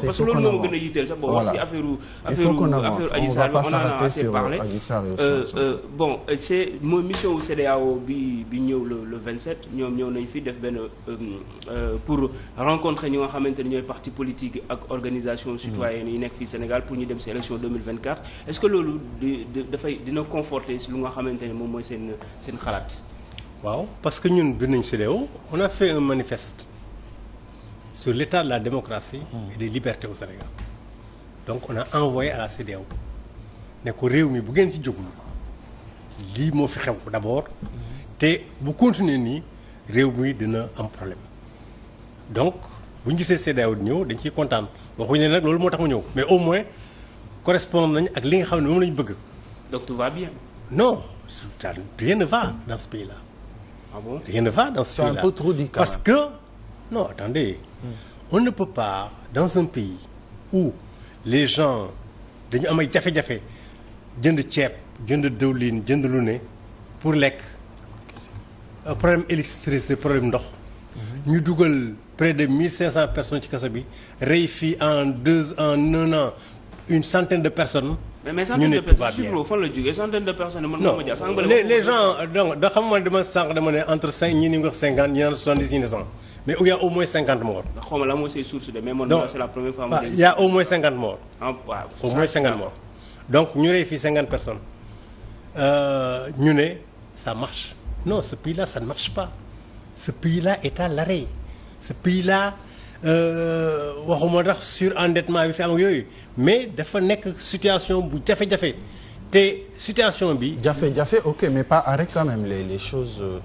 c'est parce que loolu moo ma gën a yitteel sax bon wax ci affaire affaire Adji Sarr euh, euh, on a assez mission wu CEDEAO bi bi ñëw le le 27 ñoom ñëw nañ fi def benn euh, pour rencontrer ñi nga xamante ne ñooy parti politique ak organisation citoyenne yi nekk fii Sénégal pour ñu dem si élection 2024 est-ce que loolu di dafay dina conforter lu nga xamante ne moom mooy seen seen xalaat waaw parce que ñun biir nañ CEDEAO on a fait un manifeste sur l'état de la démocratie et hmm. des libertés au Sénégal donc on a envoyé à la CEDEAO ne ko réew mi bu ngeen ci jógul lii moo fi xew d'abord te bu continuer nii réew mi dina am problème donc bu ñu gisee CEDEAO di ñëw dañ ciy kontaan waxuñu ne nag loolu moo tax mu ñëw mais au moins correspondre nañ ak li nga xam ne moom la ñu bëgg. donc tout va bien. non rien ne va dans ce pays là. ah dans pays là. parce que. Non, attendez. On ne peut pas, dans un pays où les gens dañu am ay jafe-jafe jënd ceeb jënd diwlin jënd lu ne pour lekk problème électricité problème ndox. Mhm. ñu dugal près de mille cinq cent personnes ci kaso bi rey fii en deux en un an une centaine de personnes. mais mais da xam ma dama sànq dama ne entre cinq ñii nga cinquante ñii naan soixante-dix ñii mais il y a au moins cinquante morts. xaw ma la mooy say source de mais man. c'est la première fois cinquante ah, morts. donc ñu rey fii cinquante personnes euh, ñu ne ça marche non ce pays là ça ne marche pas ce pays là est la l'arrêt ce pays là euh, waxuma ndax sur surendettement bi fi am yooyu mais dafa nekk situation bu jafe-jafe te situation bi. jafe-jafe ok mais pas arrêt quand même les les choses. Euh,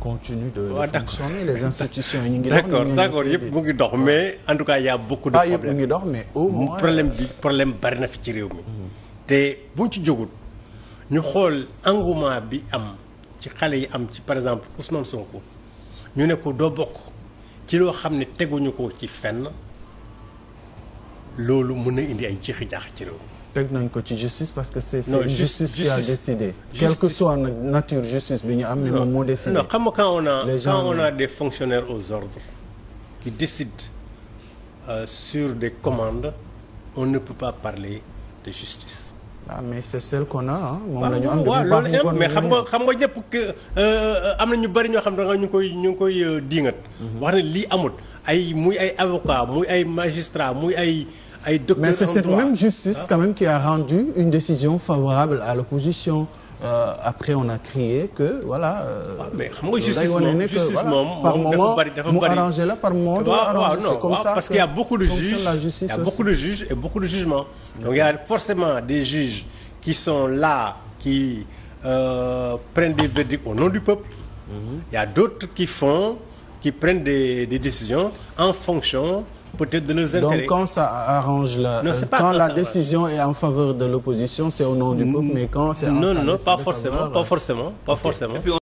continue de ouais, fonctionner les institutions ñu ngi dox d'accord d'accord yëpp mu ngi dox mais en tout cas a beaucoup de problèmes ah, yëpp mu ngi dox mais au problème bi problème bari na fi ci réew mi te buñ ci jógul ñu xool engouement bi am ci xale yi am ci par exemple Ousmane Sonko ñu ne ko doo bokk ci loo xam ne teguñu ko ci fenn loolu mun na indi ay jeexi jaax ci réew mi teg nañ ko ci justice parce que c'est c'est justice qui a décidé quelle que soit nature justice bi ñu am mais moo décidé non xam nga quand on a a des fonctionnaires aux ordres qui décident euh, sur des commandes on ne peut pas parler de justice ah mais c'est celle qu'on a moom la ñu am waaw mais xam nga xam nga ñëpp euh, euh, am na ñu bari ñoo xam ne ñu koy ñu ngi koy euh, diingat. Mhm. wax ne lii amut ay muy ay avocat muy ay magistrat muy ay. ay docteur mais c'est cette même justice ah. quand même qui a rendu une décision favorable à l'opposition Euh, après on a crié que voilà. Euh, ah, mais xam nga justice moom justice moom par moment mu arrangé la par moment. c'est comme ça parce qu'il y a beaucoup de juges il y a beaucoup de juges et beaucoup de jugements. donc il y a forcément des juges qui sont là qui euh, prennent des verdicts au nom du peuple. Mhm. il y a d'autres qui font qui prennent des des décisions en fonction. peut-être de leurs intérêts. Donc quand ça arrange la non, pas quand la décision est en faveur de l'opposition, c'est au nom du peuple, mm. mais quand c'est en pas forcément, pas forcément.